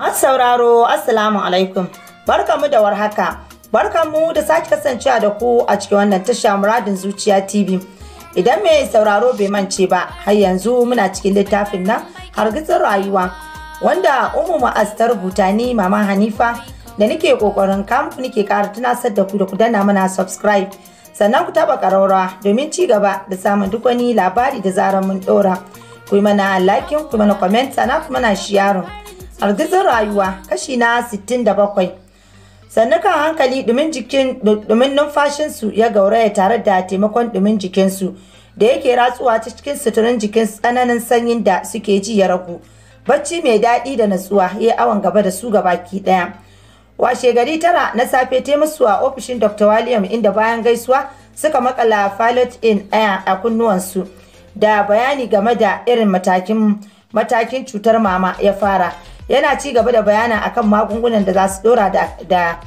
An sauraro Assalamu alaikum. Barkamu da warhaka. Barkamu da sake kasancewa da ku a cikin wannan tasha muradin zuciya TV. Idan mai sauraro bai mance ba, har yanzu muna cikin littafin nan hargitsin rayuwa wanda umu ma'astar ta ni Mama Hanifa da nike kokarin kam nike kara tunasar da ku da ku danna mana subscribe. Sannan ku taba ƙararrawa domin ci gaba da samun duk wani labari da zarar mun ɗora. Ku yi mana like ku mana comment, sannan ku mana sharing. Argizin rayuwa kashi na 67. sannan kan hankali dumin jikin dumin numfashinsu ya gauraya tare da taimakon dumin jikinsu da yake ratsuwa ta cikin suturin jikin tsananin sanyin da suke ji ya ragu. Bacci mai daɗi da natsuwa ya awon gaba da su gabaki ɗaya. Washe gari tara na safe ta musu a ofishin Dr. William inda bayan gaisuwa suka makala pilot in ɗaya a kunnuwansu da bayani game da irin matakin matakin cutar mama ya fara. yana ci gaba da bayana akan magungunan da za su dora da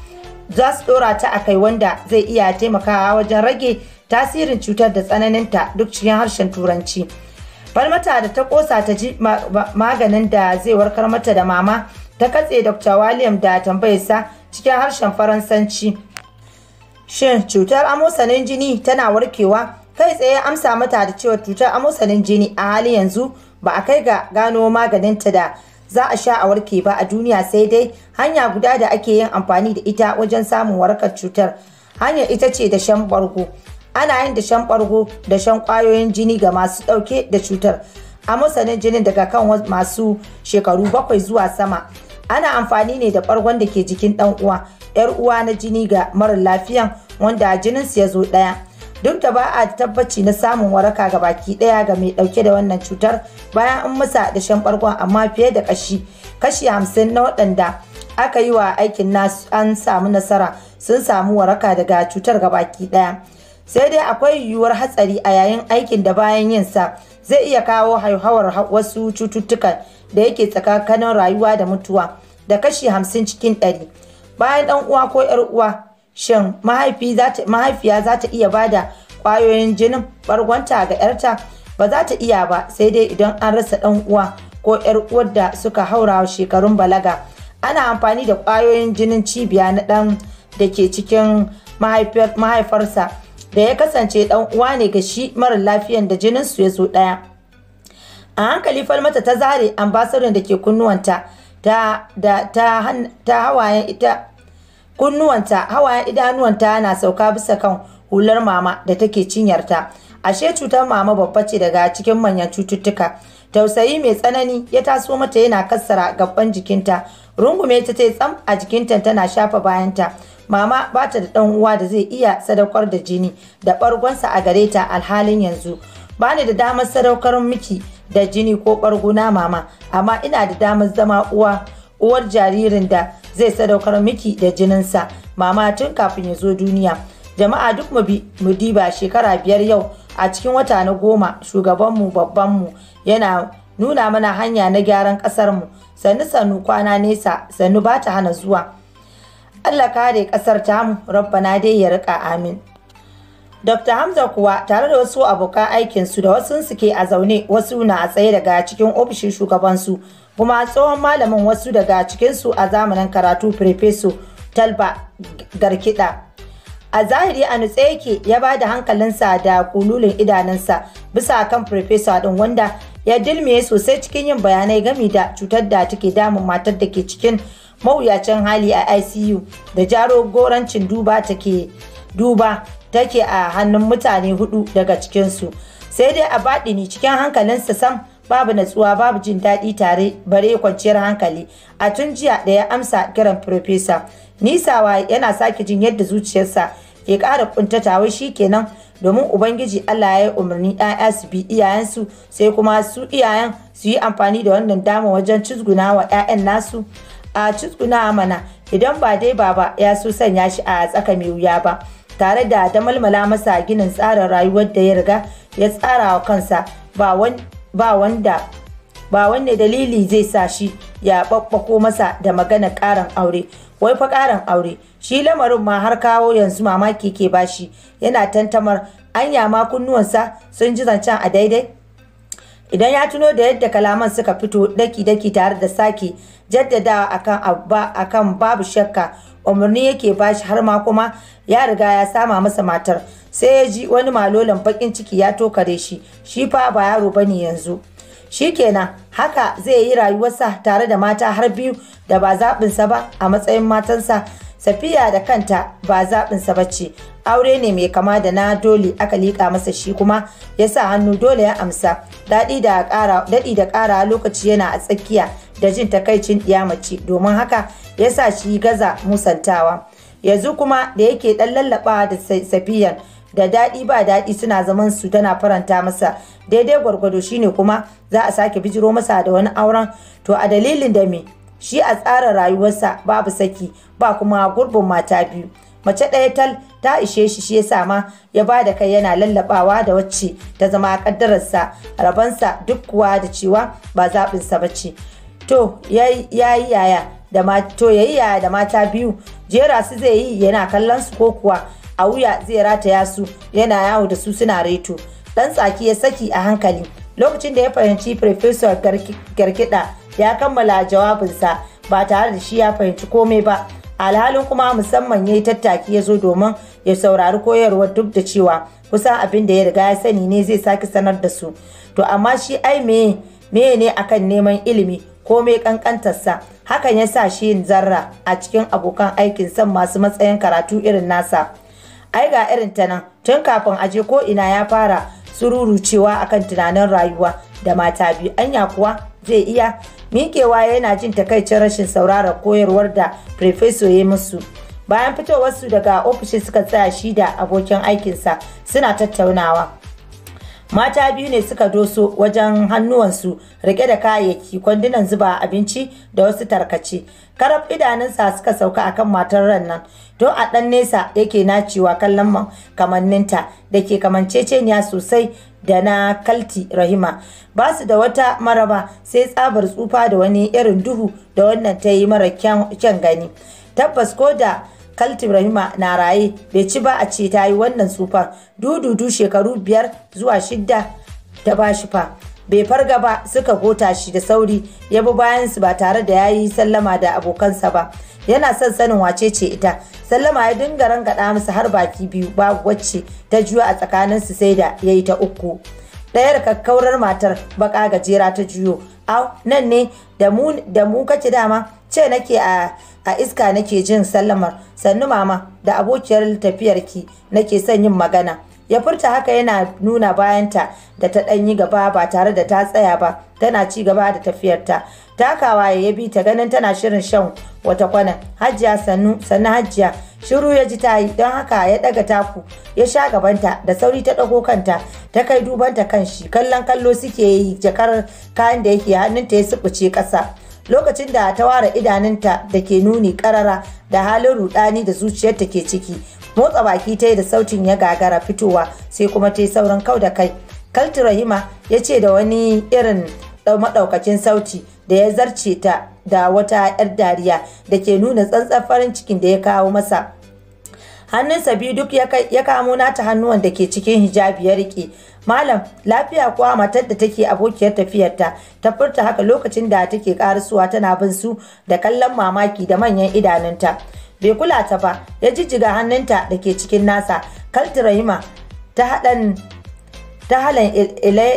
za su dora ta akai wanda zai iya taimakawa wajen rage tasirin cutar da tsananinta duk cikin harshen turanci falmata da ta kosa ta ji maganin da zai warkar mata da mama ta katse dr william da tambayarsa cikin harshen faransanci shin cutar amosanin jini tana warkewa kai tsaye amsa mata da cewa cutar amosanin jini a hali yanzu ba a kai ga gano maganinta da za a sha a warke ba a duniya sai dai hanya guda da ake yin amfani da ita wajen samun warkar cutar hanyar ita ce da shan bargo ana yin da dashen bargo shan kwayoyin jini ga masu dauke da cutar a masanin jinin daga kan masu shekaru bakwai zuwa sama ana amfani ne da bargon da ke jikin dan uwa yar uwa na jini ga mara lafiyan wanda jininsu ya zo daya duk da ba a tabbaci na samun waraka ga baki daya ga mai dauke da wannan cutar bayan an masa da shan bargon amma fiye da kashi kashi hamsin na waɗanda aka yi wa aikin nasu an samu nasara sun samu waraka daga cutar ga baki daya sai dai akwai yiwuwar hatsari a yayin aikin da bayan yin sa zai iya kawo hauhawar wasu cututtukan da yake tsakanin rayuwa da mutuwa da kashi hamsin cikin ɗari bayan ɗan uwa ko 'yar uwa shin mahaifiya za ta iya ba da ƙwayoyin jinin bargonta ga 'yarta ba za ta iya ba sai dai idan an rasa ɗan uwa ko 'yar uwar da suka haura shekarun balaga ana amfani da kwayoyin jinin cibiya na ɗan da ke cikin mahaifarsa da ya kasance ɗan uwa ne ga shi mara lafiyan da jinin su ya zo ɗaya a hankali falmata ta zare ambasadon da ke kunnuwanta ta hawayen ita kunnuwanta hawayen idanuwanta yana sauka bisa kan hular mama da take cinyarta ashe cutar mama babba ce daga cikin manyan cututtuka tausayi mai tsanani ya taso mata yana kassara gabban jikinta rungume ta tai tsam a jikinta tana shafa bayanta mama ba ta da dan uwa da zai iya sadaukar da jini da bargonsa a gare ta alhalin yanzu ba ni da damar sadaukar miki da jini ko barguna mama amma ina da damar zama uwa uwar jaririn da zai sadaukar miki da jinin sa, mama tun kafin ya zo duniya jama'a duk mu diba shekara biyar yau a cikin wata na goma shugabanmu babbanmu yana nuna mana hanya na gyaran ƙasarmu sannu sannu kwana nesa sannu ba ta hana zuwa allah kare ƙasar tamu rabbana dai ya rika amin Dr. Hamza kuwa tare da wasu abokan aikinsu da wasu suke a zaune wasu na a tsaye daga cikin ofishin shugabansu kuma tsohon malamin wasu daga cikinsu a zamanin karatu farfeso talba garkida a zahiri a nutse yake ya ba da hankalinsa da kululin idanunsa bisa kan firfesa din wanda ya dilmiye sosai cikin yin bayanai gami da cutar da take damun matar da ke cikin mawuyacin hali a icu da jaro gorancin duba take duba take a hannun mutane hudu daga cikinsu sai dai a baɗi baɗini cikin hankalinsa sam babu natsuwa babu jin daɗi tare bare kwanciyar hankali a tun jiya da ya amsa kiran profesa nisawa yana sake jin yadda zuciyarsa ke ƙara wai shi kenan domin ubangiji Allah ya yi umarni ‘ya'ya su bi iyayensu sai kuma su iyayen su yi amfani da wannan dama wajen cizguna wa ‘ya'yan nasu a cizguna mana idan ba dai baba ya so sanya shi a tsaka mai wuya ba tare da ta malmala masa ginin tsarin rayuwar da ya riga ya tsara wa kansa ba wani ba wanda ba wanne dalili zai sa shi ya ko masa da magana ƙarin aure wai fa ƙarin aure shi lamarin ma har kawo yanzu mamaki ke bashi yana tantamar anya ma kunnuwansa sun ji zancen a daidai idan ya tuno da yadda kalaman suka fito daki-daki tare da sake jaddada akan akan babu shakka umarni yake bashi har ma kuma ya riga ya sama masa matar sai ya ji wani malolan bakin ciki ya tokare shi shi fa ba yaro bane yanzu Shi kenan, haka zai yi rayuwarsa tare da mata har biyu da ba zaɓinsa ba a matsayin matansa safiya da kanta ba zabinsa ba ce aure ne mai kama da na dole aka liƙa masa shi kuma ya sa hannu dole ya amsa daɗi da ƙara lokaci yana a tsakiya da jin takaicin mace domin haka ya sa shi gaza musantawa yanzu kuma da yake dan lallaba da safiyan da daɗi ba daɗi suna zaman su tana faranta masa daidai gwargwado shine kuma za a sake bijiro masa da wani auren to a dalilin da me shi a tsara rayuwarsa babu saki ba kuma gurbin mata biyu mace ɗaya tal ta ishe shi shi yasa ma ya ba da kai yana lallabawa da wacce ta zama kaddararsa rabansa duk kuwa da cewa ba zaɓinsa ba ce to yayi yaya to yayi yaya da mata biyu jera su zai yi yana kallon su ko kuwa a wuya zai rataya su yana yawo da su suna reto dan tsaki ya saki a hankali lokacin da ya fahimci professor garkida ya kammala jawabinsa ba tare da shi ya fahimci komai ba alhalin kuma musamman ya yi tattaki ya zo domin ya saurari koyarwar duk da cewa kusan abin da ya riga ya sani ne zai sake sanar da su to amma shi ai me ne akan neman ilimi komai kankantarsa hakan ya sa shi yin zarra a cikin abokan aikin son masu matsayin karatu irin nasa ai ga irin ta nan tun kafin aje ko ina ya fara sururucewa cewa akan tunanin rayuwa da mata biyu anya kuwa zai iya miƙewa yana jin takaicin rashin sauraron koyarwar da farfeso ya musu bayan fitowarsu daga ofishin suka tsaya shi da abokin aikinsa suna tattaunawa mata biyu ne suka doso wajen hannuwansu rike da kayayyaki kwandunan zuba abinci da wasu tarkace karab idanunsa suka sauka akan matar ran nan to a ɗan nesa yake nacewa kallon kamanninta da ke kamanceceniya sosai da na kalti rahima ba su da wata maraba sai tsabar tsufa da wani irin duhu da wannan ta yi mara kyan gani tabbas ko da kalt ibrahima na raye bai ci ba a ce ta yi wannan tsufar dududu shekaru biyar zuwa shidda ta ba shi fa bai farga ba suka gota shi da sauri ya bi su ba tare da ya yi sallama da abokansa ba yana son sanin wace ce ita sallama ya dinga rangaɗa musu har baki biyu babu wacce ta juya a tsakanin su sai da ya yi ta uku ɗayar kakkaurar matar baƙa gajera ta juyo au nan ne da mu kace dama ce nake a a iska nake jin sallamar sannu mama da abokiyar tafiyarki nake son yin magana ya furta haka yana nuna bayanta da ta ɗanyi gaba ba tare da ta tsaya ba tana ci gaba da tafiyarta takawa ya bi ta ganin tana shirin shan wata kwanan hajiya sannu sannu hajiya shiru ya ji tayi don haka ya ɗaga taku ya sha gabanta da sauri ta ɗago kanta ta kai dubanta kan shi kallon kallo suke yi jakar kayan da yake hannunta ya suɓuce ƙasa lokacin da ta ware idanunta da ke nuni karara da halin rudani da zuciyarta ke ciki motsa baki ta yi da sautin ya gagara fitowa sai kuma ta yi saurin kau da kai kalti rahima ya ce da wani irin maɗaukacin sauti da ya zarce ta da wata 'yar dariya da ke nuna tsantsar farin cikin da ya kawo masa hannunsa biyu duk ya kamo nata hannuwan da ke cikin hijabi ya rike malam lafiya kuwa matar da take abokiyar tafiyarta ta furta haka lokacin da take karisuwa tana bin su da kallon mamaki da manyan idanunta bai kula ta ba ya jijjiga hannunta da ke cikin nasa kaltirahima ta halan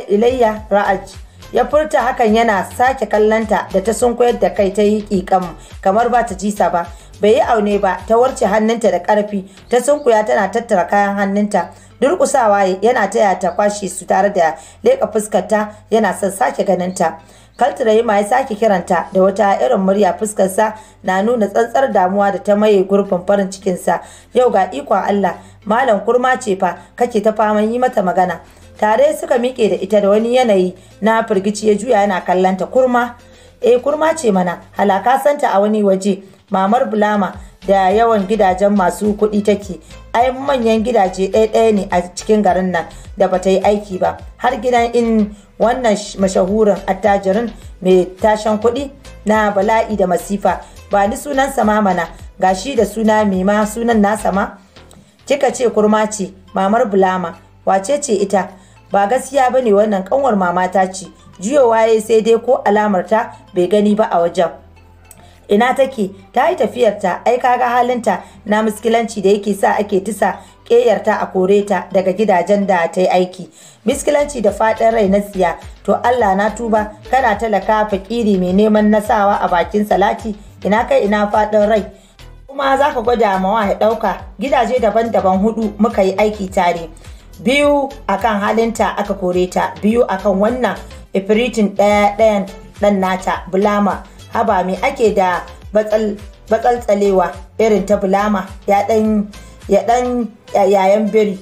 ilayya ra'aji ya furta hakan yana sake kallonta da ta sunko da kai ta yi ƙiƙan kamar ba ta jisa ba bai yi aune ba ta warce hannunta da ƙarfi ta sunkuya tana tattara kayan hannunta durƙusawa yana taya ta kwashe su tare da leƙa fuskarta yana son sake ganinta kaltirayima ya sake kiranta da wata irin murya fuskarsa na nuna tsantsar damuwa da ta maye gurbin farin cikinsa yau ga ikon allah malam kurma ce fa kake ta faman yi mata magana tare suka miƙe da ita da wani yanayi na firgici ya juya yana kallanta kurma eh kurma ce mana halaka santa a wani waje mamar bulama da yawan gidajen masu kuɗi take ai manyan gidaje ɗaya-ɗaya ne a cikin garin nan da bata yi aiki ba har gidan in wannan mashahurin attajirin mai tashan kuɗi na bala'i da masifa ba ni sunan sama mana gashi da suna mai ma sunan nasa ma kika ce kurma ce mamar bulama wace ce ita ba gaskiya ba ne wannan kanwar mamata ce jiyo waye sai dai ko alamar ta bai gani ba a wajen ina take ta yi tafiyarta ai kaga halinta na muskilanci da yake sa ake tisa ƙeyarta a kore ta daga gidajen da ta yi aiki miskilanci da faɗin rai na siya to allah na tuba kana talaka fakiri mai neman nasawa a bakin salati ina kai ina faɗin rai kuma za ka gwada mawa ya dauka, gidaje daban-daban hudu muka yi aiki tare biyu akan halinta aka kore ta biyu akan wannan ifiritin ɗaya ɗayan ɗan nata bulama haba mai ake da batsaltsalewa irin ta bulama ya ɗan yayan biri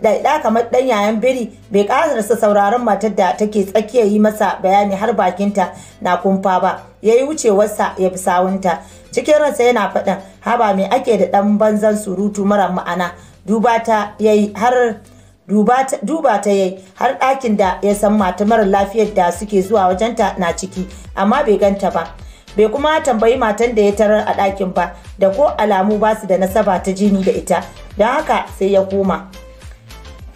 da kamar ɗan yayan biri bai ƙasarsa sauraron matar da take tsakiya yi masa bayani har bakinta na kumfa ba ya yi wucewarsa ya fi sawunta cikin ransa yana faɗin haba mai ake da ɗan banzan surutu mara ma'ana duba ta ya yi har duba ta yayi har ɗakin da ya san mata mara lafiyar da suke zuwa wajenta na ciki amma bai ganta ba bai kuma tambayi matan da ya tarar a ɗakin ba da ko alamu ba su da nasaba ta jini da ita don haka sai ya koma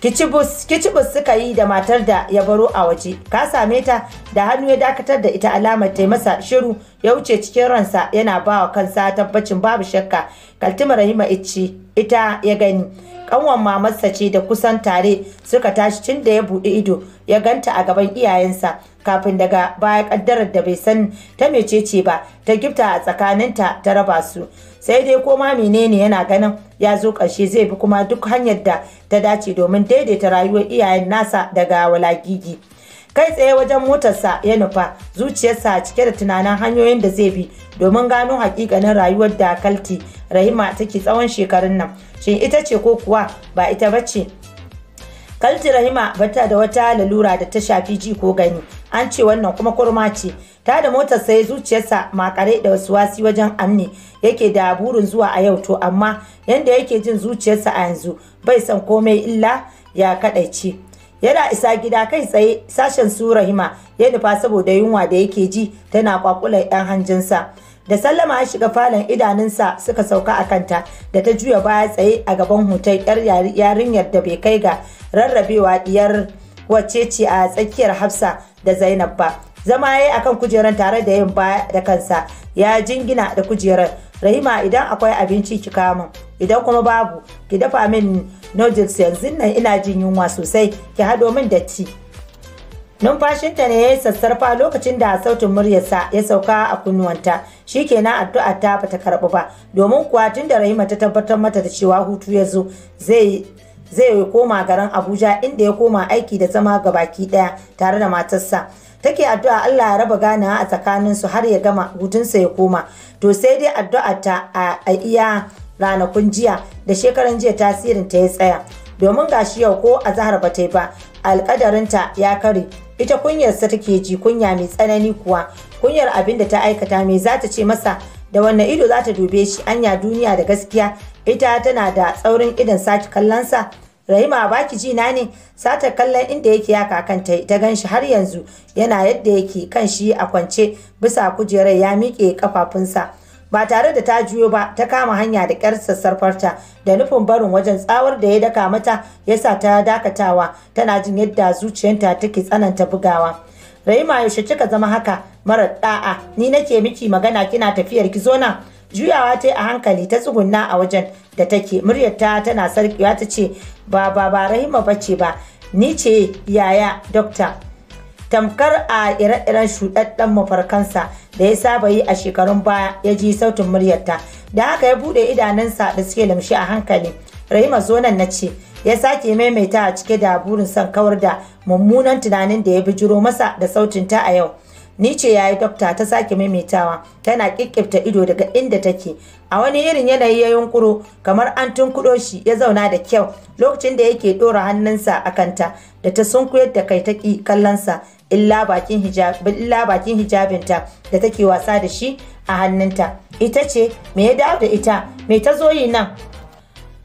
kicibus kicibus suka yi da matar da ya baro a waje ka same ta da hannu ya dakatar da ita alamar ta masa shiru ya wuce cikin ransa yana ba wa kansa tabbacin babu shakka kaltima rahima ice ita ya gani kanwan mamarsa ce da kusan tare suka tashi tun da ya buɗe ido ya ganta a gaban iyayensa kafin daga baya kaddarar da bai san ta mecece ba ta gifta a tsakaninta ta raba su sai dai koma menene yana ganin ya zo ƙarshe zai bi kuma duk hanyar da ta dace domin daidaita rayuwar iyayen nasa daga walagigi kai tsaye wajen motarsa ya nufa zuciyarsa cike da tunanin hanyoyin da zai bi domin gano hakikanin rayuwar da kalti rahima take tsawon shekarun nan shin ita ce ko kuwa ba ita ba ce kalti rahima bata da wata lalura da ta shafi ji ko gani an ce wannan kuma kurma ce ta da motar sai zuciyarsa makare da wasu wasi wajen anne yake da burin zuwa a yau to amma yanda yake jin zuciyarsa a yanzu bai san komai illa ya kadaice yana isa gida kai tsaye sashen su rahima ya nufa saboda yunwa da yake ji tana kwakular yan hanjinsa da sallama ya shiga falon idanunsa suka sauka a kanta da ta juya baya tsaye a gaban hoton yar yarinyar da bai kai ga rarrabewa diyar wacce ce a tsakiyar hafsa da zainab ba zama ya yi akan kujerar tare da yin baya da kansa ya jingina da kujerar rahima idan akwai abinci ki kama idan kuma babu ki dafa min noodles yanzu nan ina jin yunwa sosai ki haɗo min da ci numfashinta ne ya yi sassarfa lokacin da sautin muryarsa ya sauka a kunnuwanta shi shikenan addu'a ta bata karɓi ba domin kuwa tun da rahima ta tabbatar mata da cewa hutu ya zo zai zai koma garin abuja inda ya koma aiki da zama ga baki daya tare da matarsa take addu'a Allah ya raba ganawa a tsakanin su har ya gama hutunsa ya koma to sai dai addu'a ta a iya ranakun jiya da shekaran jiya tasirin ta ya tsaya domin gashi yau ko a zahar ba ta yi ba alkadarinta ya kare ita kunyarsa take ji kunya mai tsanani kuwa kunyar abin da ta aikata mai zata ce masa da wannan ido zata ta dube shi anya duniya da gaskiya ita tana da tsaurin idan sake kallonsa rahima baki ji na ne sata kallon inda yake ya kakanta ta gan shi har yanzu yana yadda yake kan shi a kwance bisa kujerar ya miƙe kafafunsa ba tare da ta juyo ba ta kama hanya da ƙyar sassarfarta da nufin barin wajen tsawar da ya daka mata ya sa ta dakatawa tana jin yadda zuciyarta take tsananta bugawa rahima yaushe kika zama haka mara da'a ni nake miki magana kina tafiyar ki zo nan juyawa ta a hankali ta tsugunna a wajen da take muryarta tana sarkewa ta ce ba ba ba rahima bace ba ni ce yaya dokta tamkar a ire-iren shuɗaɗɗen mafarkansa da ya saba yi a shekarun baya ya ji sautin muryarta da haka ya buɗe idanunsa da suke lamshi a hankali rahima zonan na ce ya sake maimaita a cike da burin son kawar da mummunan tunanin da ya bijiro masa da sautinta a yau ni ce yayi dokta ta sake maimaitawa tana kikkifta ido daga inda take a wani irin yanayi ya yunkuro kamar an tunkudo shi ya zauna da kyau lokacin da yake dora hannunsa a kanta da ta sunkuyar da kai ta ki kallonsa illa bakin hijab illa bakin hijabinta da take wasa da shi a hannunta ita ce me ya dawo da ita me ta zo yi nan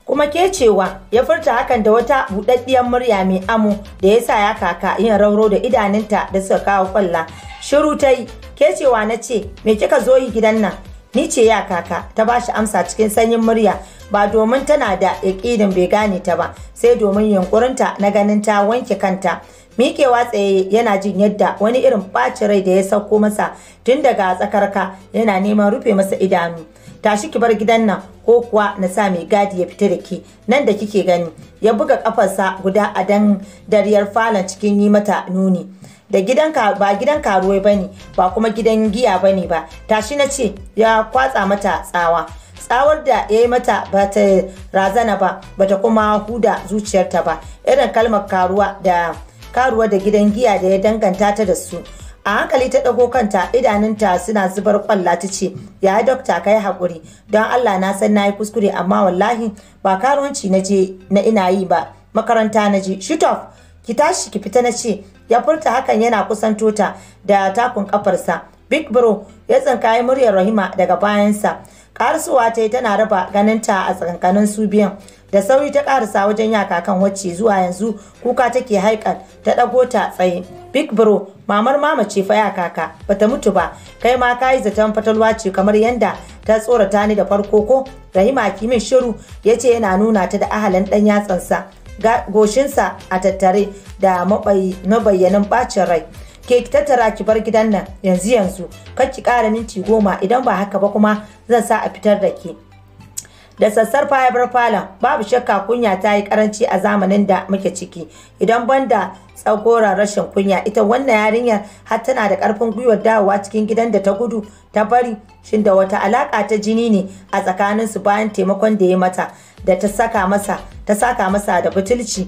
kuma ke cewa ya furta hakan da wata buɗaɗɗiyar murya mai amo da ya sa ya kaka yin rauro da idanunta da suka kawo kwalla shiru ta yi ke cewa na ce me kika zo yi gidan nan ni ce ya kaka ta ba shi amsa cikin sanyin murya ba domin tana da yaƙinin bai gane ta ba sai domin yunkurinta na ganin ta wanke kanta miƙewa tsaye yana jin yadda wani irin ɓacin rai da ya sauko masa tun daga tsakarka yana neman rufe masa idanu tashi ki bar gidan nan ko kuwa na sa mai gadi ya fita da ke nan da kike gani ya buga kafarsa guda a dan dariyar falon cikin yi mata nuni da gidan ba gidan karuwai bane ba kuma gidan giya bane ba tashi na ce ya kwatsa mata tsawa tsawar da ya yi mata ba ta razana ba ba ta kuma huda zuciyarta ba irin kalmar karuwa da karuwa da gidan giya da ya danganta ta da su a hankali ta ɗago kanta idanunta suna zubar kwalla ta ce ya dokta kai haƙuri don allah na san na yi kuskure amma wallahi ba karuwanci na je na ina yi ba makaranta na je shitof ki tashi ki fita na ce ya furta hakan yana kusan tota da takun kafarsa big bro ya tsinkayi muryar rahima daga bayansa karsuwa ta yi tana raba ganinta a tsakankanin su biyan da sauri ta karasa wajen yaka kan wacce zuwa yanzu kuka take haikal ta dago ta tsaye big bro mamar mama ce fa ya kaka bata mutu ba kai ma kayi zaton fatalwa ce kamar yanda ta tsorata ni da farko ko rahima kimin shiru yace yana nuna ta da ahalan dan yatsansa goshinsa a tattare da mabayyanin bacin rai ke ki tattara ki bar gidan nan yanzu yanzu kar ki kara minti goma idan ba haka ba kuma zan sa a fitar da ki da sassar ya falon babu shakka kunya ta yi karanci a zamanin da muke ciki idan banda tsagora rashin kunya ita wannan yarinyar har tana da karfin gwiwar dawowa cikin gidan da ta gudu ta bari shin da wata alaka ta jini ne a tsakanin su bayan taimakon da ya mata da ta saka masa ta saka masa da butulci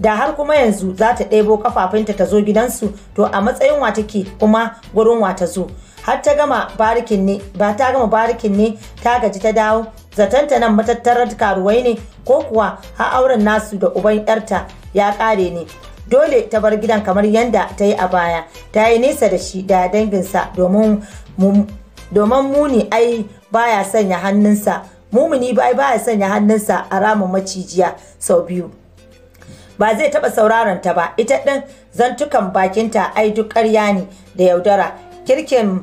da har kuma yanzu za ta ɗebo kafafunta ta zo gidansu to a matsayin wa take kuma gurin wa ta zo har ta gama barikin ne ba ta gama barikin ne ta gaji ta dawo zatanta nan matattarar karuwai ne ko kuwa har auren nasu da uban yarta ya kare ne dole ta bar gidan kamar yadda ta yi a baya ta yi nesa da shi da danginsa domin muni ai baya sanya hannunsa mumuni bai baya sanya hannunsa a ramin macijiya sau biyu ba zai taɓa sauraron ta ba ita ɗin zantukan bakinta ai duk ƙarya ne da yaudara kirkin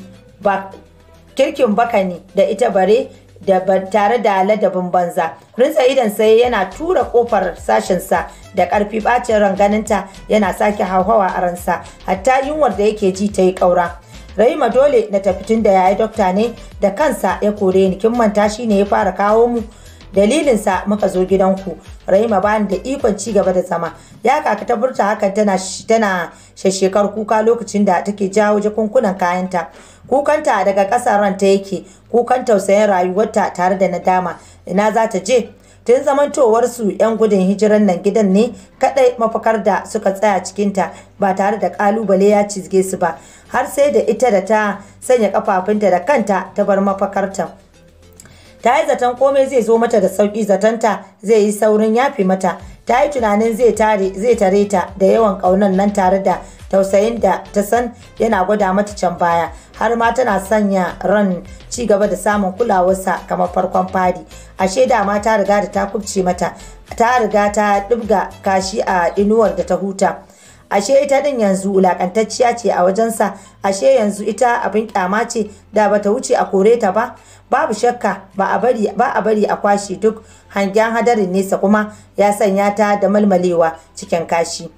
bakani da ita bare da tare da ladabin banza rinsa idan sai yana tura kofar sashensa, da karfi bacin ganinta yana sake hauhawa a ransa hatta yunwar da yake ji ta yi kaura Rahima dole na tafi tun da yayi dokta ne da kansa ya kore ni kin manta shine ya fara kawo mu dalilin sa muka zo gidanku Rahima bani da ikon ci gaba da zama ya kaka ta burta hakan tana tana sheshekar kuka lokacin da take jawo jakunkunan kayanta kukanta daga ƙasa ranta yake kukan tausayin rayuwarta tare da nadama ina za ta je tun zamantowar su 'yan gudun hijiran nan gidan ne kadai mafakar da suka tsaya cikinta ba tare da kalubale ya cizge su ba har sai da ita da ta sanya kafafunta da kanta ta bar mafakarta. ta yi zaton komai zai zo mata da sauki ta zai yi saurin yafi mata ta yi tunanin zai tare ta da yawan ƙaunan nan tare da tausayin da ta san yana gwada mata can baya har ma tana sanya ran ci gaba da samun kulawarsa kamar farkon fadi a ashe ma ta riga da ta kubce mata ta riga ta ɗibga kashi a inuwar da ta huta ashe ita din yanzu wulakantacciya ce a wajensa ashe yanzu ita abin kyama ce da bata wuce a kore ta ba babu shakka ba a bari ba a bari a kwashe duk hangen hadarin nesa kuma ya sanya ta da malmalewa cikin kashi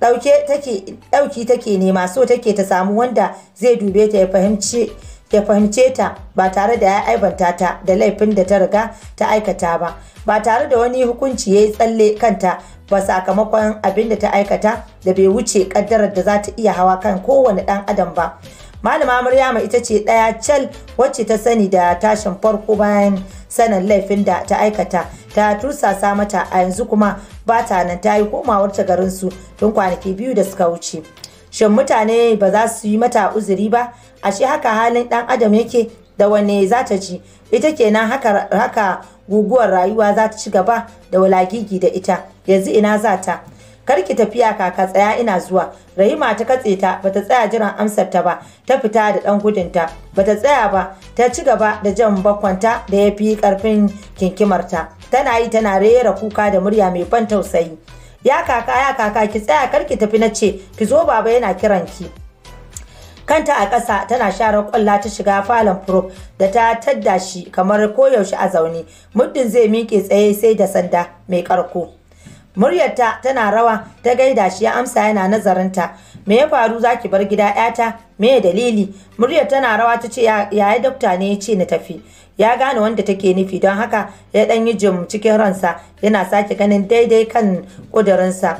dauke take dauki take nema so take ta samu wanda zai dube ta ya fahimci ya fahimce ta ba tare da ya aibanta ta da laifin da ta riga ta aikata ba ba tare da wani hukunci ya yi tsalle kanta ba sakamakon abin da ta aikata da bai wuce kaddarar da za ta iya hawa kan kowane ɗan adam ba malama maryama ita ce ɗaya cal wacce ta sani da tashin farko bayan sanin laifin da ta aikata ta tursasa mata a yanzu kuma ba ta nan ta yi komawar ta su tun kwanaki biyu da suka wuce shin mutane ba za su yi mata uzuri ba ashe haka halin ɗan adam yake da wanne za ta ji ita kenan haka guguwar rayuwa za ta ci gaba da walagigi da ita yanzu ina za ta kar ki tafiya kaka tsaya ina zuwa rahima ta katse ta bata tsaya jiran amsar ta ba ta fita da dan ta bata tsaya ba ta ci gaba da jan bakwanta da ya fi karfin kinkimarta tana yi tana rera kuka da murya mai ban tausayi ya kaka ya kaka ki tsaya kar ki tafi na ce ki zo baba yana kiran ki kanta a ƙasa tana share kwalla ta shiga falon furo da ta tadda shi kamar koyaushe a zaune muddin zai miƙe tsaye sai da sanda mai ƙarko. muryarta tana rawa ta gaida shi ya amsa yana nazarinta me ya faru zaki bar gida yata me dalili muryar tana rawa ta ce yaya dokta ne ya ce na tafi ya gane wanda take nufi don haka ya dan yi jim cikin ransa yana sake ganin daidai kan kudurinsa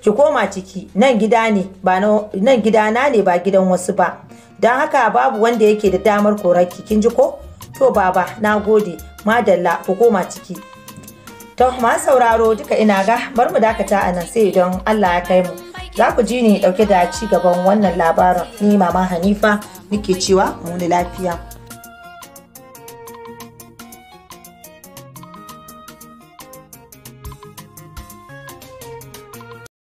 ki koma ciki nan gida ne ba nan gidana ne ba gidan wasu ba don haka babu wanda yake da damar koraki, kin ji ko to baba na gode madalla ku koma ciki To ma sauraro duka ina ga bar mu dakata a nan sai don Allah ya kai mu. Za ku ji ni dauke da ci gaban wannan labarin ni mama Hanifa nake cewa mu lafiya.